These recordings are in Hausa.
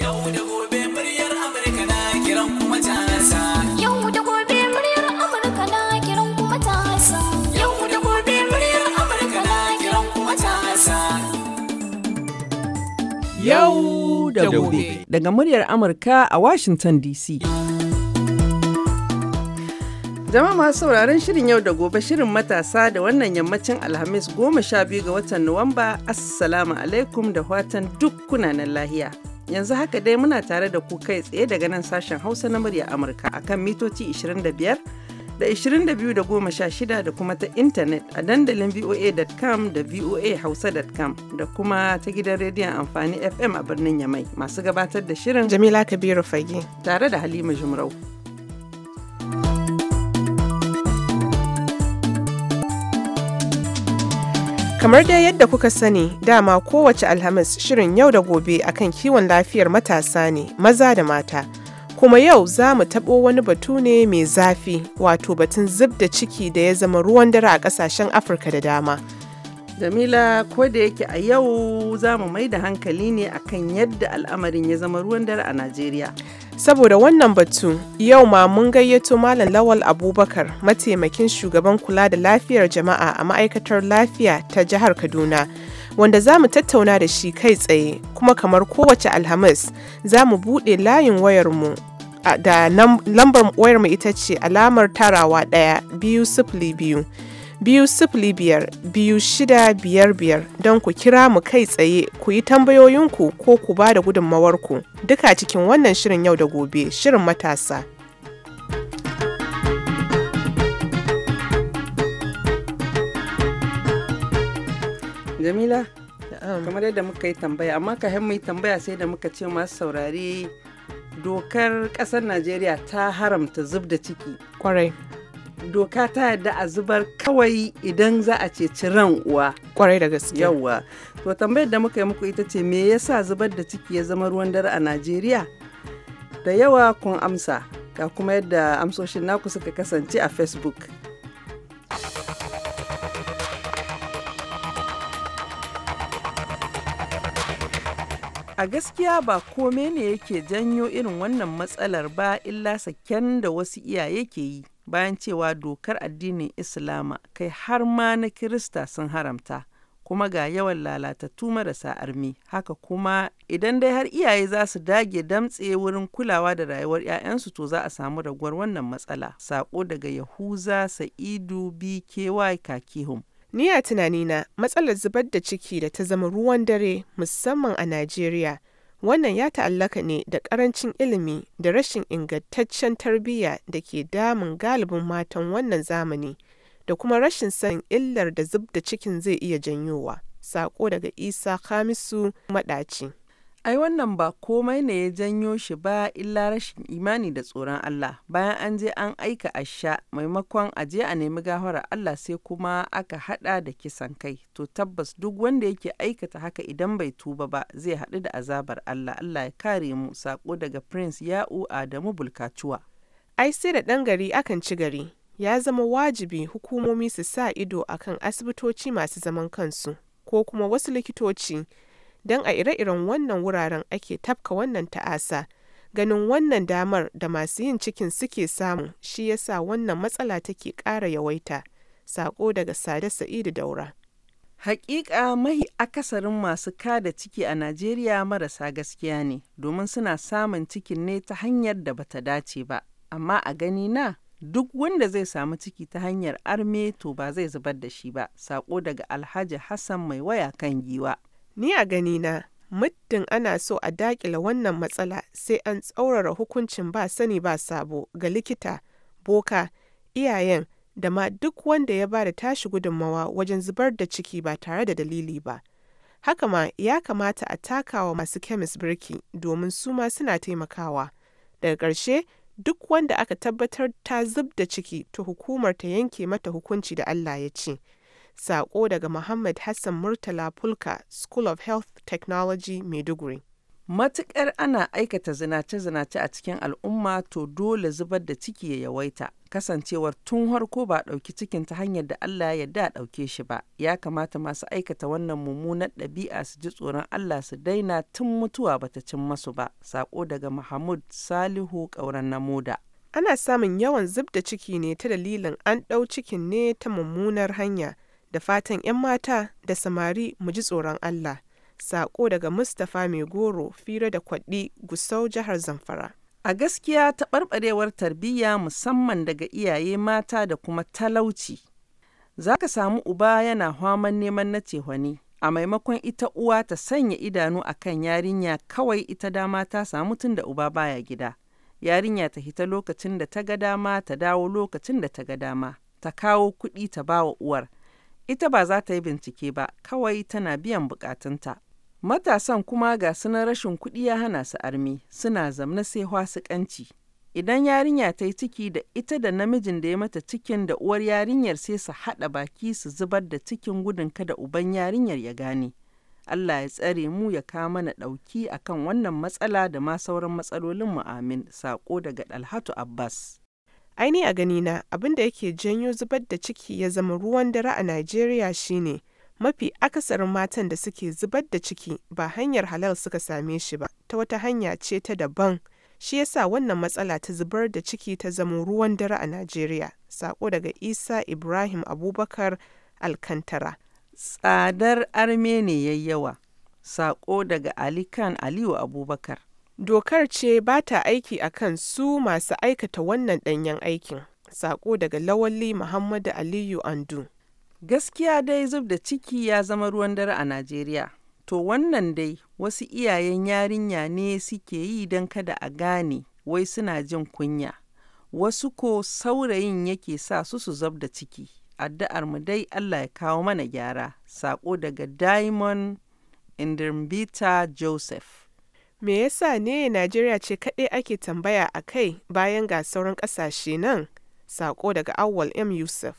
Yau da gobe Daga muryar Amurka a Washington DC. Jama'a masu sauraron shirin yau da gobe shirin matasa da wannan yammacin Alhamis goma sha biyu ga watan Nuwamba, Assalamu alaikum da watan duk kunanan lahiya. Yanzu haka dai muna tare da ku kai tsaye daga nan sashen Hausa na murya Amurka akan mitoci 25 da 22 da da kuma ta intanet a dandalin voa.com da voahausa.com da kuma ta gidan rediyon amfani FM a birnin Yamai masu gabatar da shirin Jamila Kabiru Fage tare da Halima Jumrau. Kamar dai yadda kuka sani, dama kowace Alhamis shirin yau da gobe akan kiwon lafiyar matasa ne, maza da mata. Kuma yau za mu taɓo wani batu ne mai zafi, wato batun zub da ciki da ya zama ruwan dare a ƙasashen Afirka da dama. Jamila ko da yake a yau za mu mai da hankali ne akan yadda al'amarin ya zama ruwan dare a Najeriya. Saboda wannan batu, yau ma mun gayyato Malam Lawal Abubakar, mataimakin shugaban kula da lafiyar jama'a a ma'aikatar lafiya ta jihar Kaduna, wanda za mu tattauna da shi kai tsaye, kuma kamar kowace Alhamis, za mu buɗe layin wayarmu da lambar wayarmu ita ce alamar tarawa ɗaya biyu sifili biyu. biyu sifili biyar biyu shida biyar biyar don ku kira mu kai tsaye ku yi tambayoyinku ko ku ba da gudunmawarku duka cikin wannan shirin yau da gobe shirin matasa. Jamila, kamar yadda muka yi tambaya, amma ka yi tambaya sai da muka ce masu saurari dokar ƙasar Najeriya ta haramta zub da ciki. Kwarai. doka ta yadda a zubar kawai idan za a ceci ran uwa kwarai da gaske yawwa to tambayar da muka yi muku ita ce me yasa zubar da ciki ya zama ruwan dare a Najeriya da yawa kun amsa ga kuma yadda amsoshin naku suka kasance a Facebook a gaskiya ba kome ne yake janyo irin wannan matsalar ba illa saken da wasu iyaye ke yi bayan cewa dokar addinin Islama kai har ma na Kirista sun haramta. kuma ga yawan lalatattu marasa armi haka kuma idan dai har iyaye za su dage damtse wurin kulawa da rayuwar 'ya'yansu to za a samu raguwar wannan matsala sako daga yahuza sa'idu bky kakihum ni a tunanina matsalar zubar da ciki da ta zama ruwan dare musamman a najeriya Wannan ya ta'allaka ne da ƙarancin ilimi da rashin ingantaccen tarbiyya da ke damun galibin matan wannan zamani da kuma rashin sanin illar da zub da cikin zai iya janyowa. Sako daga Isa khamisu Maɗaci. Ai wannan ba komai ne ya janyo shi ba illa rashin imani da tsoron Allah, bayan an je an aika asha maimakon a je a nemi gafarar Allah sai kuma aka hada da kisan kai, to tabbas duk wanda yake aikata haka idan bai tuba ba zai haɗu da azabar Allah, Allah ya kare mu sako daga Prince Ya'u Adamu bulkatuwa. Ai sai da ɗan gari akan ci gari, ya zama wajibi hukumomi su sa ido akan asibitoci masu zaman kansu ko kuma wasu likitoci. don a ire-iren wannan wuraren ake tafka wannan ta'asa. Ganin wannan damar da masu yin cikin suke samu shi yasa wannan matsala take ƙara yawaita. Sako daga Sade Sa'idu Daura. Hakika mai akasarin masu kada ciki a Najeriya marasa gaskiya ne, domin suna samun cikin ne ta hanyar da bata dace ba, amma a gani na duk wanda zai samu ciki ta hanyar arme to ba zai zubar da shi ba, sako daga Alhaji Hassan mai waya kan giwa. Ni a ganina, muddin ana so a daƙile wannan matsala sai an tsaurara hukuncin ba sani ba sabo ga likita, boka, iyayen da ma duk wanda ya ba da tashi gudunmawa wajen zubar da ciki ba tare da dalili ba. Haka ma ya kamata a takawa masu kemis birki domin su ma suna taimakawa. Daga ƙarshe, duk wanda aka tabbatar ta zub da ciki to hukumar ta yanke mata hukunci da Allah ya ce. Sako daga Muhammad Hassan Murtala Fulka, School of Health Technology, Maiduguri. Matuƙar ana aikata zinace-zinace a cikin al'umma to dole zubar da ciki ya yawaita. Kasancewar tun harko ba ɗauki cikin ta hanyar da Allah ya da ɗauke shi ba. Ya kamata masu aikata wannan mummunar ɗabi'a su ji tsoron Allah su daina tun mutuwa bata cin masu ba. Sako daga Mahmud Salihu ƙauran Namoda. Ana samun yawan zub da ciki ne ta dalilin an ɗau cikin ne ta mummunar hanya. Da fatan 'yan mata da samari mu ji tsoron Allah. Sako daga Mustapha Mai Goro, Fira da Kwaɗi, Gusau, Jihar Zamfara. A gaskiya ta ɓarɓarewar tarbiyya musamman daga iyaye mata da kuma talauci. Za ka samu uba yana haman neman na cehwani, a maimakon ita uwa ta sanya idanu a kan yarinya kawai ita dama ta samu tun da uba baya gida. Yarinya ta hita lokacin da ta ga dama ta dawo lokacin da ta ga dama, ta kawo kuɗi ta bawa uwar. ita ba za ta yi bincike ba kawai tana biyan bukatunta. Matasan kuma ga sunan rashin kuɗi ya hana su armi suna zamna sai hwasuƙanci. Idan yarinya ta yi ciki da ita da namijin da ya mata cikin da uwar yarinyar sai su haɗa baki su zubar da cikin gudun kada uban yarinyar ya gane. Allah ya tsare mu ya kawo mana ɗauki a kan wannan matsala da ma sauran matsalolin mu amin. saƙo daga Dalhatu Abbas. aini a ganina abin da yake janyo zubar da ciki ya zama ruwan dare a Najeriya shine mafi akasarin matan da suke zubar da ciki ba hanyar halal suka same shi ba, ta wata hanya ce ta daban. Shi yasa wannan matsala ta zubar da ciki ta zama ruwan dare a Najeriya. Sako daga Isa Ibrahim Abubakar Alkantara. Tsadar arme ne yawa. Sako daga Ali Khan Aliyu Abubakar. Dokar ce ba ta aiki a kan su masu aikata wannan ɗanyen aikin. Sako daga Lawalli Muhammadu Aliyu Andu. Gaskiya dai zub da ciki ya zama ruwan dare a Najeriya. To wannan dai wasu iyayen yarinya ne suke yi don kada a gane wai suna jin kunya. Wasu ko saurayin yake sa su su zub da ciki. Addu'ar mu dai Allah ya kawo mana gyara. Sako daga Diamond Indirmbita Joseph. Me yasa ne Najeriya ce kaɗai ake tambaya a kai bayan ga sauran ƙasashe nan? Sako daga Awwal M. Yusuf.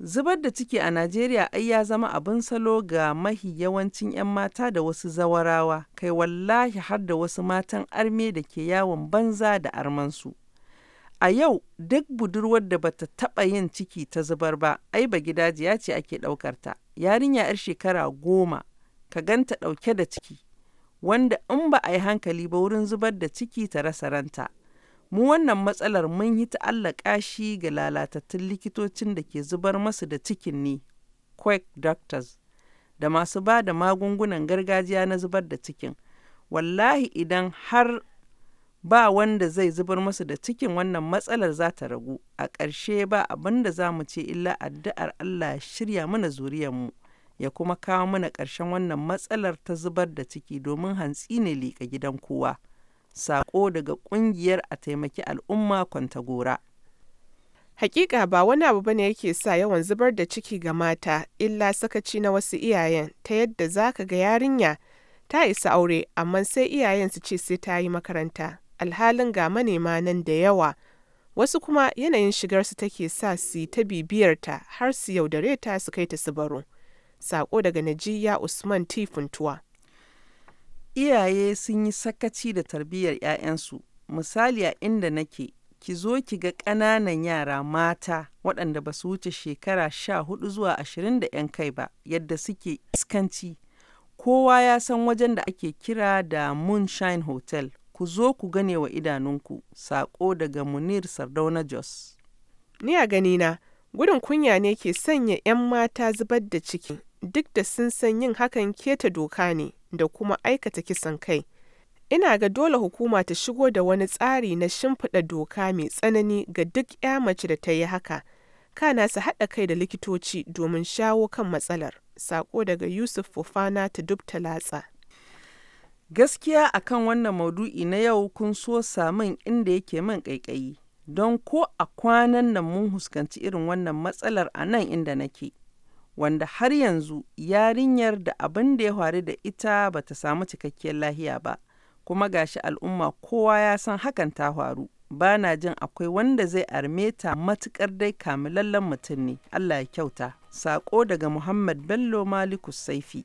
Zubar da ciki a Najeriya ai ya zama abin salo ga mahi yawancin 'yan mata da wasu zawarawa, kai wallahi har da wasu matan arme da ke yawon banza da armansu. A yau duk budurwar da bata taɓa yin ciki ta zubar ba, ai ba gidajiya ce ake ɗaukarta. Yarinya 'yar shekara goma, ka ganta ɗauke da ciki. wanda in ba a yi hankali ba wurin zubar da ciki ta rasa ranta. Mu wannan matsalar mun yi ta'allaka shi ga lalatattun likitocin da ke zubar masu da cikin ne, quack doctors, da masu ba da magungunan gargajiya na zubar da cikin. Wallahi idan har ba wanda zai zubar masu da cikin wannan matsalar za ta ragu, a ƙarshe ba abin da za mu ce illa addu'ar Allah shirya mana zuriyarmu. mu. ya kuma kawo mana ƙarshen wannan matsalar ta zubar da ciki domin hantsi ne liƙa gidan kowa. saƙo daga ƙungiyar a taimaki al'umma kwanta gora. Hakika ba wani abu bane yake sa yawan zubar da ciki ga mata illa sakaci na wasu iyayen ta yadda za ka ga yarinya ta isa aure amma sai iyayen su ce sai ta yi makaranta alhalin ga manema nan da yawa wasu kuma yanayin shigarsu take sa su ta bibiyarta har su yaudare ta su kai ta su baro. Sako daga Najiya Usman Tifuntuwa. Iyaye sun yi sakaci da tarbiyyar 'ya'yansu, misali a inda nake, ki zo ki ga ƙananan yara mata waɗanda ba su wuce shekara sha hudu zuwa ashirin da 'yan kai ba, yadda suke iskanci. Kowa ya san wajen da ake kira da Moonshine Hotel, ku zo ku gane wa idanunku, sako daga Munir Sardauna Jos. Ni a ganina, gudun kunya ne ke sanya 'yan mata zubar da ciki duk da sun san yin hakan keta doka ne da kuma aikata kisan kai. Ina ga dole hukuma ta shigo da wani tsari na shimfiɗa doka mai tsanani ga duk 'ya mace da ta yi haka, kana su haɗa kai da likitoci domin shawo kan matsalar. Sako daga Yusuf Fofana ta ta latsa. Gaskiya akan wannan maudu'i na yau kun so samun inda yake man ƙaiƙayi, don ko a kwanan nan mun huskanci irin wannan matsalar a nan inda nake. wanda har yanzu yarinyar da abin da ya faru da ita bata samu cikakkiyar lahiya ba kuma gashi al'umma kowa ya san hakan ta faru bana jin akwai wanda zai arme ta matukar dai kamilallen mutum ne Allah ya kyauta sako daga Muhammad Bello Maliku Saifi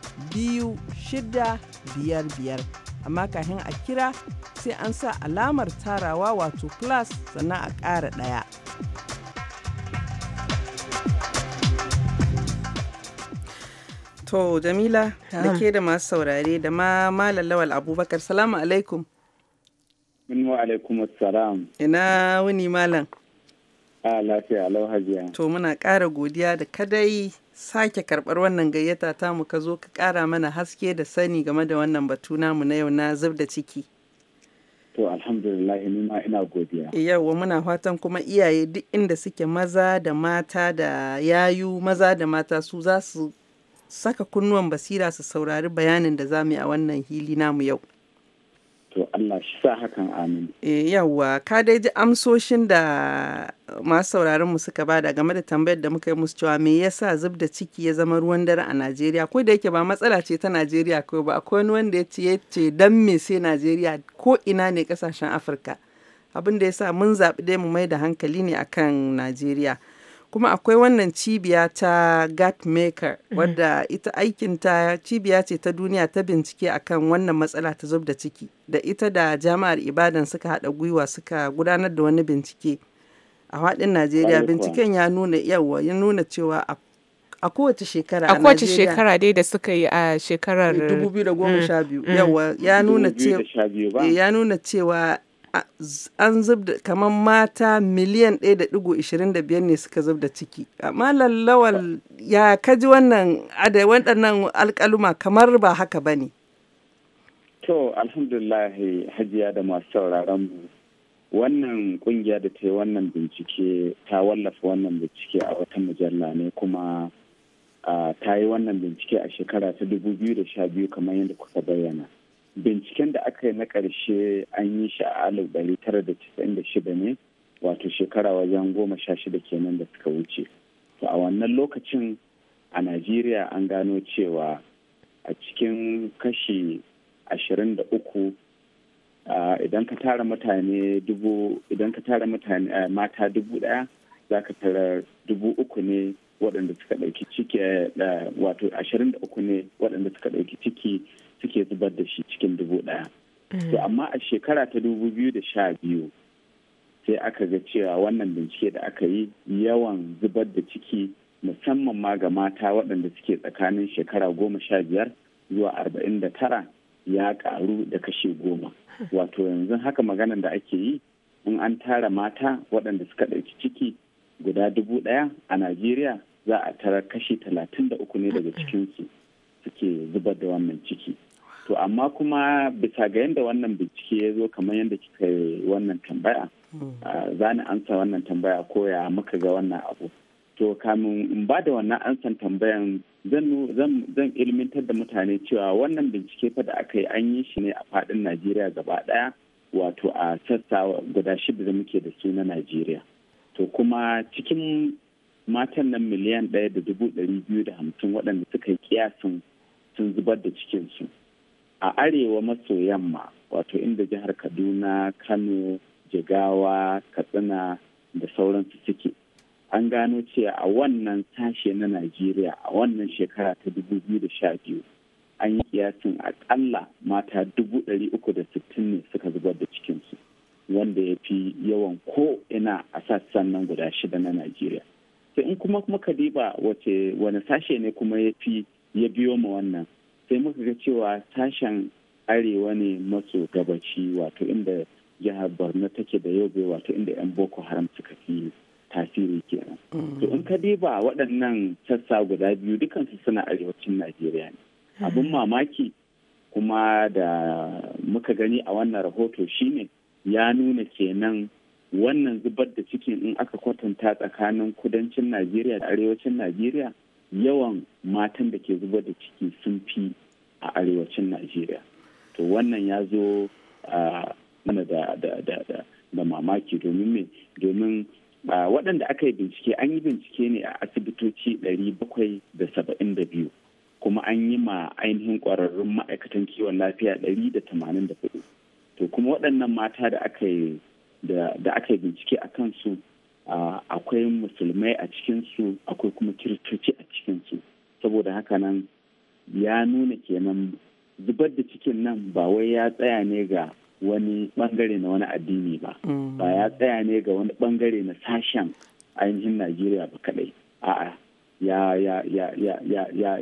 biyu shida biyar biyar amma kafin a kira sai an sa alamar tarawa wato plus sannan a ƙara ɗaya. To Jamila da ke da masu saurare da ma Malam Lawal Abubakar salamu alaikum. Minmu alaikum assalam. Ina wuni Malam. A ah, lafiya alau hajiya. To muna ƙara godiya da kadai sake karɓar wannan gayyata ta mu ka zo ka ƙara mana haske da sani game da wannan batu namu na yau na zub da ciki. To alhamdulillah ni ma ina godiya. Yawwa muna fatan kuma iyaye duk inda suke maza da mata da yayu maza da mata su za su saka kunnuwan basira su saurari bayanin da za mu yi a wannan hili namu yau. to Allah shi sa hakan amin. E, yawwa ka dai ji amsoshin da masu sauraron mu suka bada game da tambayar da muka yi musu cewa me yasa zub da ciki ya zama ruwan dare a Najeriya ko da yake ba matsala ce ta Najeriya ko ba akwai wani wanda ya ce ya dan me sai Najeriya ko ina ne kasashen Afirka abin da yasa mun zaɓi dai mu mai da hankali ne akan Najeriya. kuma akwai wannan cibiya ta gatmaker mhm. wadda ita aikinta cibiya ce ta duniya ta bincike akan wannan matsala ta zub da ciki da ita da jami'ar ibadan suka haɗa gwiwa suka gudanar da wani bincike a faɗin najeriya binciken ya nuna yawa ya nuna cewa a kowace shekara a kowace shekara dai da suka yi a shekarar 2012 mm. mm. yawa eh, ya nuna cewa an zubda kamar mata miliyan 1.25 ne suka zubda ciki amma lallawal ya kaji wannan adai waɗannan alƙaluma kamar ba haka ba ne to alhamdulillah hajiya da masu sauraron mu wannan kungiya da ta yi wannan bincike ta wallafa wannan bincike a wata mujalla ne kuma ta yi wannan bincike a shekara ta 2012 kamar yadda kuka bayyana binciken da aka yi na ƙarshe an yi shi a alif ɗari tara da casa'in da shida ne wato shekara wajen goma sha shida kenan da suka wuce to a wannan lokacin a najeriya an gano cewa a cikin kashi ashirin da uku idan ka tara mutane dubu idan ka tara mutane mata dubu ɗaya za ka tara dubu uku ne waɗanda suka ɗauki ciki wato ashirin da uku ne waɗanda suka ɗauki ciki suke zubar da shi cikin dubu ɗaya. To mm. amma a shekara ta dubu biyu da sha biyu sai aka ga cewa wannan bincike da aka yi yawan zubar da ciki musamman ma ga mata waɗanda suke tsakanin shekara goma sha biyar zuwa arba'in da tara ya ƙaru da kashe goma. Wato yanzu haka maganan da ake yi in an tara mata waɗanda suka ɗauki ciki guda dubu ɗaya a Najeriya za a tara kashi talatin da uku ne daga cikinsu suke zubar da wannan ciki. to amma kuma bisa ga yadda wannan bincike ya zo kamar yadda kika yi wannan tambaya hmm. za ni ansa wannan tambaya ko ya muka ga wannan abu to kamin in ba da wannan ansan tambayan zan ilmintar da mutane cewa wannan bincike fa da aka yi an yi shi ne a faɗin najeriya gaba ɗaya wato a sassa guda shida da muke da su na najeriya to kuma cikin matan nan miliyan ɗaya da dubu ɗari biyu da hamsin waɗanda suka yi kiyasin sun zubar da cikinsu a arewa maso yamma wato inda jihar kaduna kano jigawa katsina da sauransu suke an gano cewa a wannan sashe na najeriya a wannan shekara ta biyu an yi kiyasin akalla mata dubu uku da sittin ne suka zubar da cikinsu wanda ya fi yawan ko ina a sassan nan guda shida na najeriya sai in kuma muka diba wace wani sashe ne kuma ya fi ya biyo ma wannan sai muka ga cewa sashen arewa ne maso gabaci wato inda jihar borno take da yau bai wato inda 'yan boko haram suka fi tasiri kenan mm. to in ka diba waɗannan sassa guda biyu dukansu suna arewacin najeriya ne mm. abin mamaki kuma da muka gani a wannan rahoto shine ya nuna kenan wannan zubar da cikin in aka kwatanta tsakanin kudancin najeriya da arewacin najeriya yawan matan da ke zubar da ciki sun fi a arewacin najeriya to wannan ya zo mana da mamaki domin me domin waɗanda aka yi bincike an yi bincike ne a asibitoci da 772 kuma an yi ma ainihin ƙwararrun ma'aikatan kiwon lafiya 184 to kuma waɗannan mata da aka yi bincike a kansu akwai musulmai a cikinsu akwai kuma kiristoci a cikinsu saboda haka nan ya nuna kenan zubar da cikin nan ba wai ya tsaya ne ga wani bangare na wani addini ba mm. ba ya tsaya ne ga wani bangare na sashen ainihin najeriya ba kadai a'a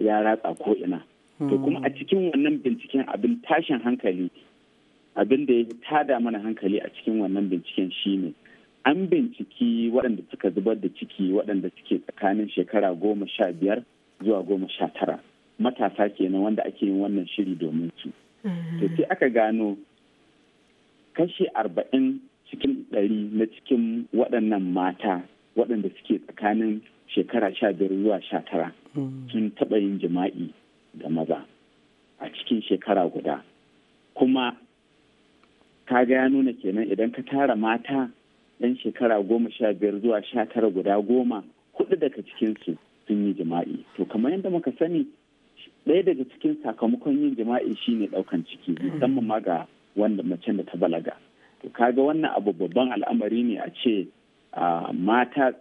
ya ratsa ko ina to mm. kuma a cikin wannan binciken abin tashin hankali abin da ya tada mana hankali a cikin wannan binciken shine an binciki waɗanda suka zubar da ciki waɗanda suke tsakanin shekara goma sha biyar zuwa goma sha tara matasa kenan wanda ake yin wannan shiri domin su to sai aka gano kashi arba'in cikin ɗari na cikin waɗannan mata waɗanda suke tsakanin shekara sha biyar zuwa sha tara sun taɓa yin jima'i da maza a cikin shekara guda kuma ka ga ya nuna kenan idan ka tara mata yan shekara goma sha biyar zuwa sha tara guda goma hudu daga cikinsu sun yi jima'i to kamar yadda muka sani ɗaya daga cikin sakamakon yin jima'i shine ɗaukan ciki musamman ma ga wanda macen da ta balaga to kaga wannan abu babban al'amari ne a ce mata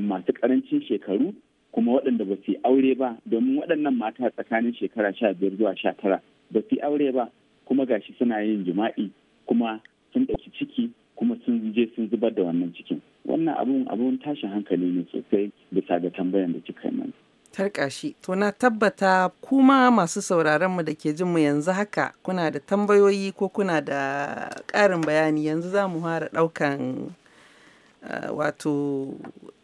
masu karancin shekaru kuma waɗanda ba su aure ba domin waɗannan mata tsakanin shekara sha biyar zuwa sha tara ba su aure ba kuma gashi suna yin jima'i kuma sun ɗauki ciki kuma sun je sun zubar da wannan cikin wannan abun abun tashin hankali ne sosai bisa ga tambayan da kika yi tarkashi to na tabbata kuma masu sauraron mu da ke jin mu yanzu haka kuna da tambayoyi ko kuna da ƙarin bayani yanzu za mu fara ɗaukan eh, wato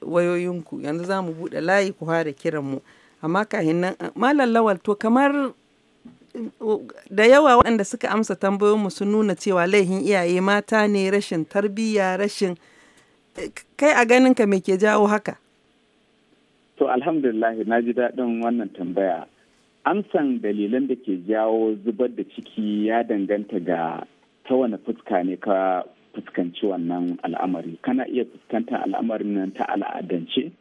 wayoyinku yanzu za mu buɗe layi ku fara kiran mu amma kahin nan eh, malam lawal to kamar da yawa waɗanda suka amsa tambayoyinmu sun nuna cewa laihin iyaye mata ne rashin tarbiyya rashin eh, kai a ganinka me ke jawo haka to alhamdulillah na ji daɗin wannan tambaya amsan dalilan da ke jawo zubar da ciki ya danganta ga ta wani fuska ne ka fuskanci wannan al'amari kana iya fuskantar al'amarin nan ta al'adance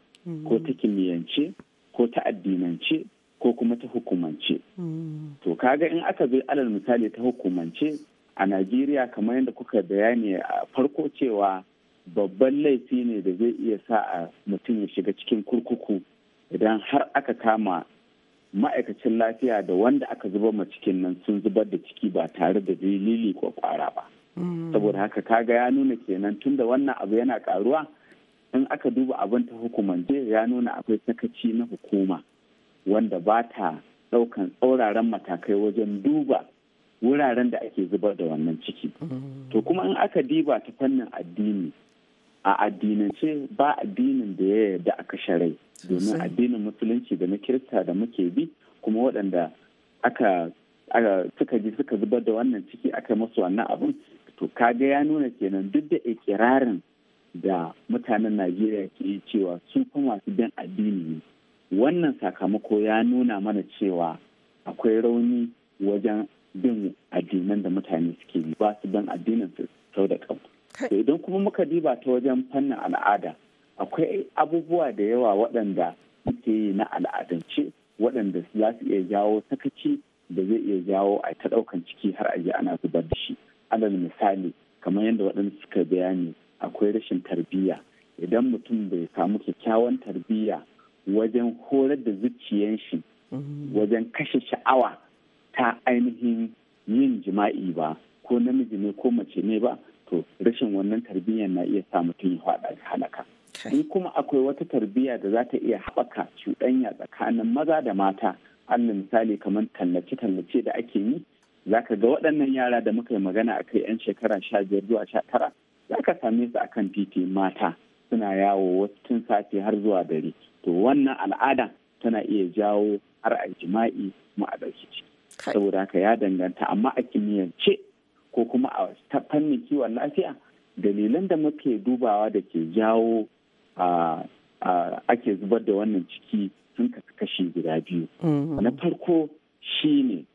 ko ta mm-hmm. kimiyyance ko ta addinance ko kuma ta hukumance. Mm. To kaga in aka bi alal misali ta hukumance a Najeriya kamar yadda kuka bayani a farko cewa babban laifi ne da zai iya sa a mutum ya shiga cikin kurkuku idan har aka kama ma'aikacin lafiya da wanda aka zuba ma cikin nan sun zubar da ciki ba tare da dalili ko kwara ba. Mm. Saboda haka kaga ya nuna kenan tun da wannan abu yana karuwa in aka duba abin ta hukumance ya nuna akwai sakaci na hukuma. wanda ba ta ɗaukan tsauraran matakai wajen duba wuraren da ake zubar da wannan ciki. To kuma in aka diba ta fannin addini, a addinance ba addinin da ya yarda a sharai domin addinin musulunci da na kirista da muke bi kuma waɗanda aka suka ji suka zubar da wannan ciki aka masu wannan abin to kaga ya nuna kenan duk da ikirarin da mutanen najeriya ke cewa su fi masu bin addini ne wannan sakamako ya nuna mana cewa akwai rauni wajen bin addinan da mutane suke yi ba su bin addinin su sau da kan to idan kuma muka diba ta wajen fannin al'ada akwai abubuwa da yawa waɗanda muke yi na al'adance waɗanda za su iya jawo sakaci da zai iya jawo a ta ɗaukan ciki har a je ana zubar da shi alal misali kamar yadda waɗanda suka bayani akwai rashin tarbiyya idan mutum bai samu kyakkyawan tarbiyya wajen horar da zuciyar shi mhm. wajen kashe sha'awa ta ainihin yin jima'i ba ko namiji ne ko mace ne ba to rashin wannan tarbiyyar na iya sa mutum ya haɗa da halaka in kuma akwai wata tarbiyya da za ta iya haɓaka cuɗanya tsakanin maza da mata allah misali kamar tallace-tallace da ake yi zaka ga waɗannan yara da muka yi magana a kai 'yan shekara sha biyar zuwa sha tara za ka same su akan titi mata suna yawo wasu tun safe har zuwa dare to wannan al'ada tana iya jawo har a jima'i kuma a ɗauki ciki saboda haka ya danganta amma a kimiyyance ko kuma a ta fannin kiwon lafiya dalilan da muke dubawa da ke jawo ake zubar da wannan ciki sun kasu kashi guda biyu mm-hmm. na farko shi ne.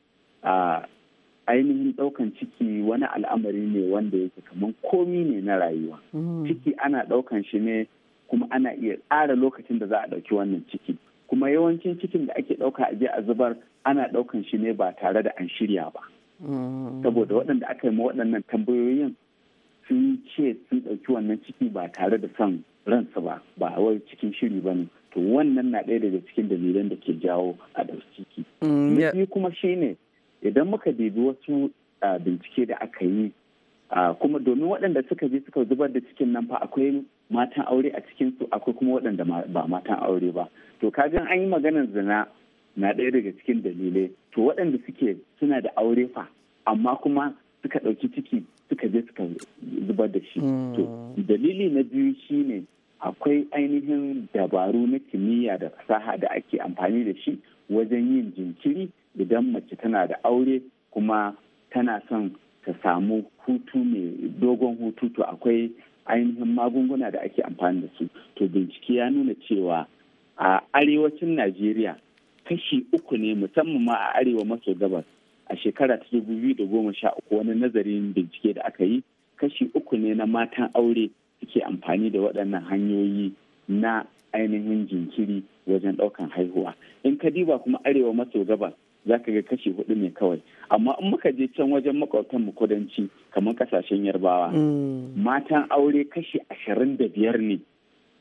ainihin ɗaukan ciki wani al'amari ne wanda yake kamar komi ne na rayuwa mm-hmm. ciki ana ɗaukan shi ne kuma ana iya tsara lokacin da za a ɗauki wannan ciki kuma yawancin cikin da ake ɗauka a je a zubar ana ɗaukan shi ne ba tare da an shirya ba mm. saboda waɗanda aka yi ma waɗannan tambayoyin sun ce sun ɗauki wannan ciki ba tare da son ransa ba ba wai cikin shiri ba ne to wannan na ɗaya daga cikin dalilan da ke jawo a ɗauki ciki mm, na biyu kuma ne idan muka bibi wasu ah, bincike da aka yi ah, kuma domin waɗanda suka je suka zubar da cikin nan fa akwai matan aure a cikinsu akwai kuma waɗanda ba matan aure ba to kajin an yi maganar zina na ɗaya daga cikin dalilai to waɗanda suke suna da aure fa amma kuma suka ɗauki ciki suka je suka zubar da shi to hmm. dalili na biyu shine akwai ainihin dabaru na kimiyya da fasaha da ake amfani da shi wajen yin jinkiri idan mace tana da aure kuma tana son ta samu hutu mai dogon hutu to akwai ainihin magunguna da ake amfani da su to bincike ya nuna cewa a arewacin najeriya kashi uku ne musamman ma a arewa maso gabas a shekara ta dubu biyu da goma sha uku wani nazarin bincike da aka yi kashi uku ne na matan aure suke amfani da waɗannan hanyoyi na ainihin jinkiri wajen ɗaukan haihuwa in ka diba kuma arewa maso gabas za ka ga kashi hudu ne kawai amma in muka je can wajen makwabtan mu kudanci kamar kasashen yarbawa mm. matan aure kashi ashirin da biyar ne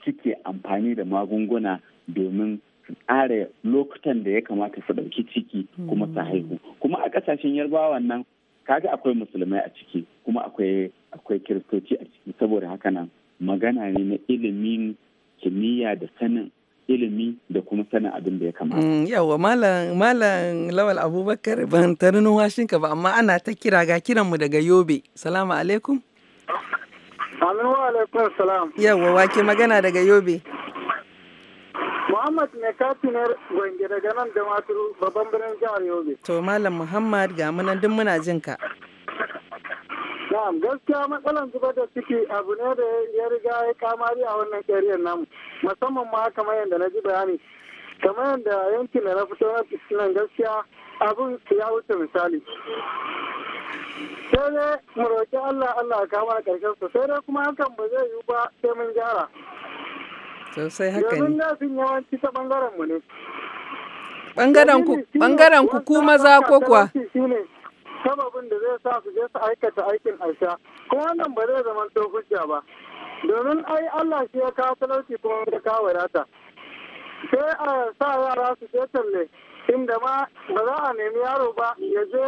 suke amfani da magunguna domin tsara lokutan da ya kamata su ɗauki ciki kuma su haihu mm. kuma a kasashen yarbawa nan kaga akwai musulmai a ciki kuma akwai akwai kiristoci a ciki saboda haka nan magana ne na ilimin kimiyya da sanin ilimi da kuma sanin abin da ya kamata. Mm, Yawa malam malam lawal abubakar ban ta numfashin ka ba amma ana ta kira ga kiran mu daga yobe. Salamu alaikum. Salamu alaikum salam. Yawa wake magana daga yobe. Muhammad ne katinar gwange daga nan da maturu babban birnin jihar Yobe. To Malam Muhammad ga munan duk muna jin ka. Na'am gaskiya matsalan zubar da ciki abu ne da ya riga ya kamari a wannan ƙariyar namu musamman ma kamar yadda na ji bayani kamar yadda yankin da na fito na nan gaskiya abin ya wuce misali. Sai dai mu roƙi Allah Allah kama da su, sai dai kuma hakan ba zai yiwu ba sai mun gyara. Sosai haka ne. Domin yawanci ta ɓangaren mu ne. Ɓangaren ku kuma za ko kuwa? sababin da zai sa su je su aikata aikin aisha ko wannan ba zai zama to hujja ba domin ai Allah shi ya kawo talauci kuma ya kawo wadata sai a sa yara su je talle inda ma ba za a nemi yaro ba ya je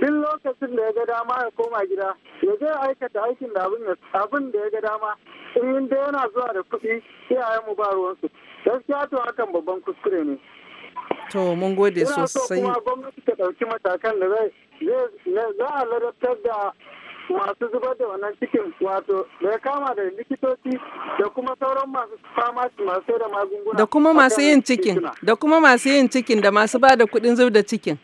duk lokacin da ya ga dama ya koma gida ya je aikata aikin da abin da ya ga dama in dai yana zuwa da kuɗi iyayenmu ba ruwansu gaskiya to hakan babban kuskure ne To mun gode sosai. Ina so kuma gwamnati ta ɗauki matakan da zai za a ladabtar da masu zubar da wannan cikin wato da ya kama da likitoci da kuma sauran masu famasi masu da magunguna. Da kuma masu yin cikin da kuma masu yin cikin da masu ba da kuɗin zubar da cikin.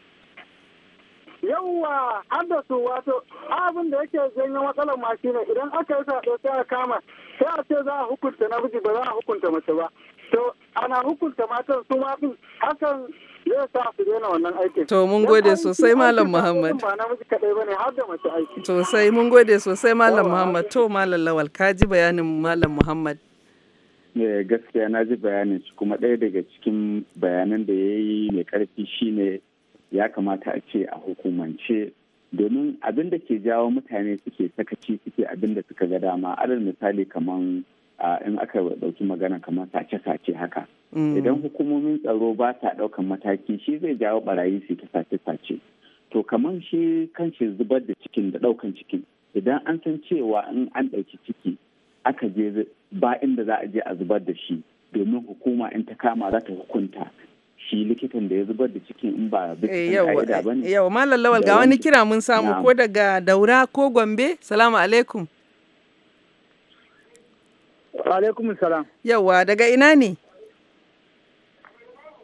Yawwa an da su wato abin da yake janyo matsalar ma shine idan aka yi saɗo sai a kama sai a ce za a hukunta namiji ba za a hukunta mace ba. to ana hukunta matan su ma hakan zai sa su daina wannan aikin. To mun gode sosai Malam Muhammad. Ba kadai bane har da mace aiki. sai mun gode sosai Malam Muhammad to Malam Lawal ka ji bayanin Malam Muhammad. Eh gaskiya na ji bayanin shi kuma ɗaya daga cikin bayanan da ya yi mai ƙarfi shine ya kamata a ce a hukumance domin abin da ke jawo mutane suke sakaci suke abin da suka ga dama alal misali kaman in aka ɗauki magana kamar sace-sace haka mm. idan hukumomin tsaro ba ta ɗaukan mataki shi zai jawo barayi su ta sace-sace to kamar shi kanshi zubar da cikin da ɗaukan cikin idan an san cewa in an ɗauki ciki aka je ba inda za a je a zubar da shi domin hukuma in ta kama za ta hukunta shi likitan da ya zubar da cikin in ba bisa eh, ba ne. Eh, Yau, Malam Lawal ga wani kira mun samu ko daga Daura ko Gombe. Salamu alaikum. alaikum salam yawa daga ina ne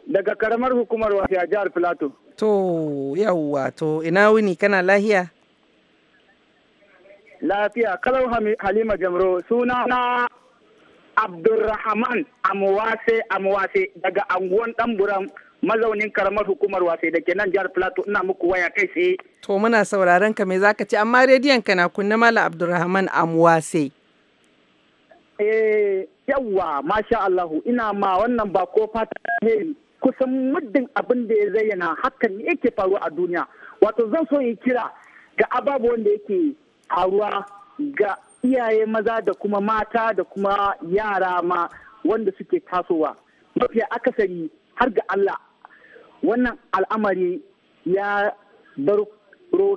daga karamar hukumar wasu a jihar plateau to yawa to ina wuni kana lahiya lafiya kalau halima jamro suna na abdulrahman amuwase amuwase daga anguwan ɗanburan mazaunin karamar hukumar wasai da ke nan jihar plateau ina muku waya kai tsaye to muna sauraron ka me zaka ce amma rediyon ka na kunna mala abdulrahman amuwase Eh, yawwa masha Allahu ina ma wannan ba ko fata kusan muddin abin da ya zayyana hakan ne yake faruwa a duniya. Wato zan so yi kira ga ababuwan da yake faruwa ga iyaye maza da kuma mata da kuma yara ma wanda suke tasowa. Mafiya akasari har ga Allah wannan al'amari ya baro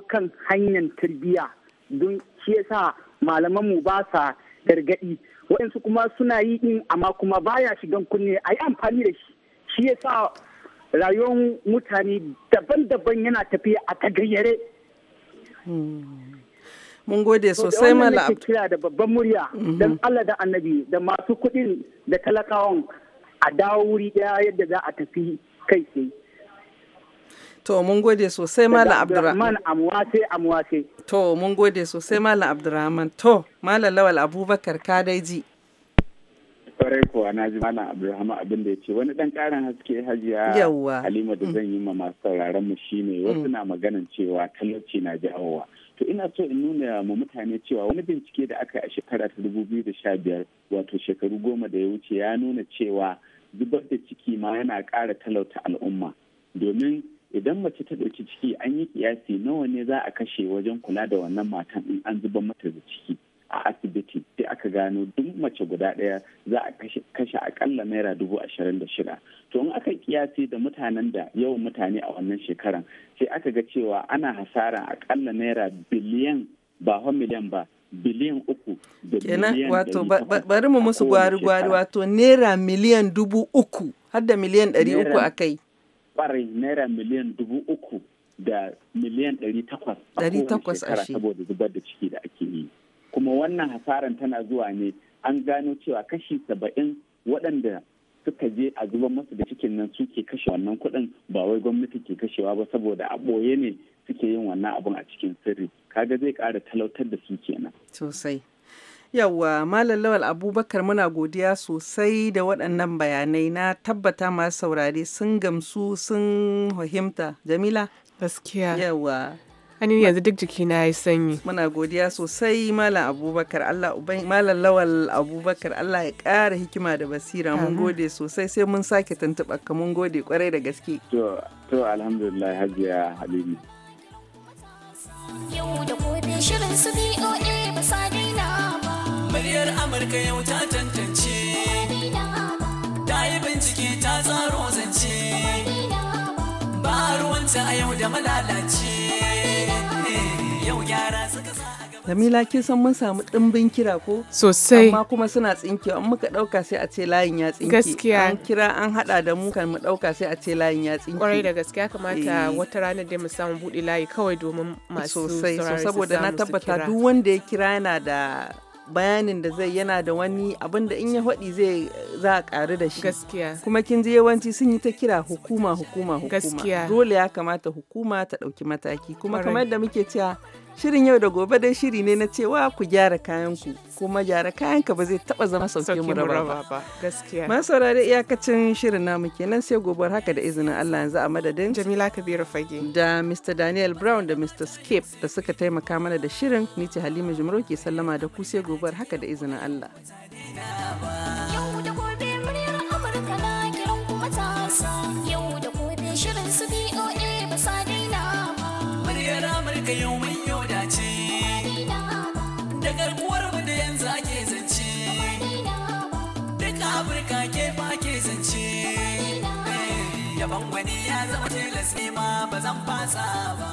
kan hanyar tarbiyya don shi yasa malamanmu ba sa gargaɗi waɗansu kuma suna yi din amma kuma baya shigan kunne a yi amfani da shi shi yasa rayuwar mutane daban-daban yana tafiya a tagayyare hmm. mun gode sosai mala abu kira da babban murya mhm. don Allah da annabi da masu kuɗin da talakawan a dawo wuri ɗaya yadda za a tafi kai tsaye To mun gode sosai Malam Abdurrahman. amwate amwate. To mun gode sosai Malam Abdurrahman. To Malam Lawal Abubakar ka dai ji. Kwarai kuwa na ji Malam Abdurrahman abin da ya ce wani dan karin haske hajiya. Yawwa. Halima da zan yi ma masu sauraron mu shine wasu mm. na maganan cewa talauci na jawowa. To ina so in nuna ma mutane cewa wani bincike da aka yi a shekara ta dubu biyu da sha biyar wato shekaru goma da ya wuce ya nuna cewa zubar da ciki ma yana ƙara talauta al'umma domin idan mace ta ɗauki ciki an yi kiyasi nawa ne za a kashe wajen kula da wannan matan in an zuba mata da ciki a asibiti sai aka gano duk mace guda ɗaya za a kashe akalla naira dubu ashirin da shida to in aka kiyasi da mutanen da yawan mutane a wannan shekaran sai aka ga cewa ana hasara akalla naira biliyan ba miliyan ba biliyan uku da kenan wato bari mu musu gwari gwari wato naira miliyan dubu uku har da miliyan ɗari uku a kai ɓarin naira miliyan dubu uku da miliyan ɗari takwas a shekara saboda zubar da ciki da ake yi kuma wannan hasaran tana zuwa ne an gano cewa kashi saba'in waɗanda suka je a zuba masu da cikin nan suke kashe wannan kuɗin ba wai gwamnati ke kashewa ba saboda a ɓoye ne suke yin wannan abun a cikin sirri kaga zai ƙara talautar da su kenan sosai Yawwa Malam Lawal Abubakar muna godiya sosai da waɗannan bayanai na tabbata masu saurare sun gamsu sun fahimta. Jamila? Gaskiya. Yawwa. Ani yanzu duk jikina ya yi sanyi. Muna godiya sosai Malam Abubakar Allah Malam Lawal Abubakar Allah ya ƙara hikima da basira mun gode sosai sai mun sake tuntuɓa ka mun gode kwarai da gaske. To to alhamdulillah Hajiya Habibi. Yau da gobe shirin su BOA ba sa daina ba. Muryar Amurka yau ta tantance. Ta yi bincike ta tsaro zance. Ba ruwanta a yau da malalace. Yau gyara suka sa Jamila ke san mun samu ɗimbin kira ko? Sosai. Amma kuma suna tsinkewa an muka ɗauka sai a ce layin ya tsinke. Gaskiya. An kira an haɗa da mu kan mu ɗauka sai a ce layin ya tsinke. Kwarai da gaskiya kamata eh. wata ranar da mu samu buɗe layi kawai domin masu saurari Sosai, saboda na tabbata duk wanda ya kira yana da bayanin da zai yana da wani abin da in ya faɗi zai za a ƙaru da shi gaskiya kuma kin ji yawanci sun yi ta kira hukuma hukuma hukuma gaskiya dole ya kamata hukuma ta ɗauki mataki kuma kamar da muke cewa Shirin yau da gobe dai shiri ne na cewa ku gyara kayanku kuma gyara kayanka ba zai taba zama sauke mu raba ba. Gaskiya. Masara da iyakacin shirin namu kenan sai gobar haka da izinin Allah yanzu a madadin Jamila Kabiru Fage da Mr Daniel Brown da Mr Skip da suka taimaka mana da shirin ni ce Halima Jumro ke sallama da ku sai gobar haka da izinin Allah. Yau da gobe muryar Amurka na kiran kuma ta yau da gobe shirin su BOA ba sa daina ba. Muryar Amurka yau wani ya zama tilas ne ma ba zan fasa ba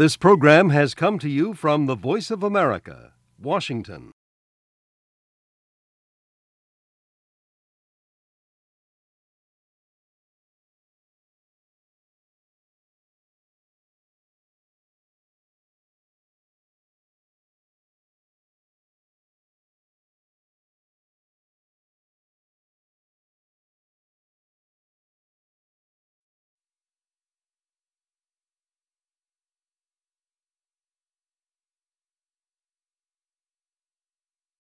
This program has come to you from the Voice of America, Washington.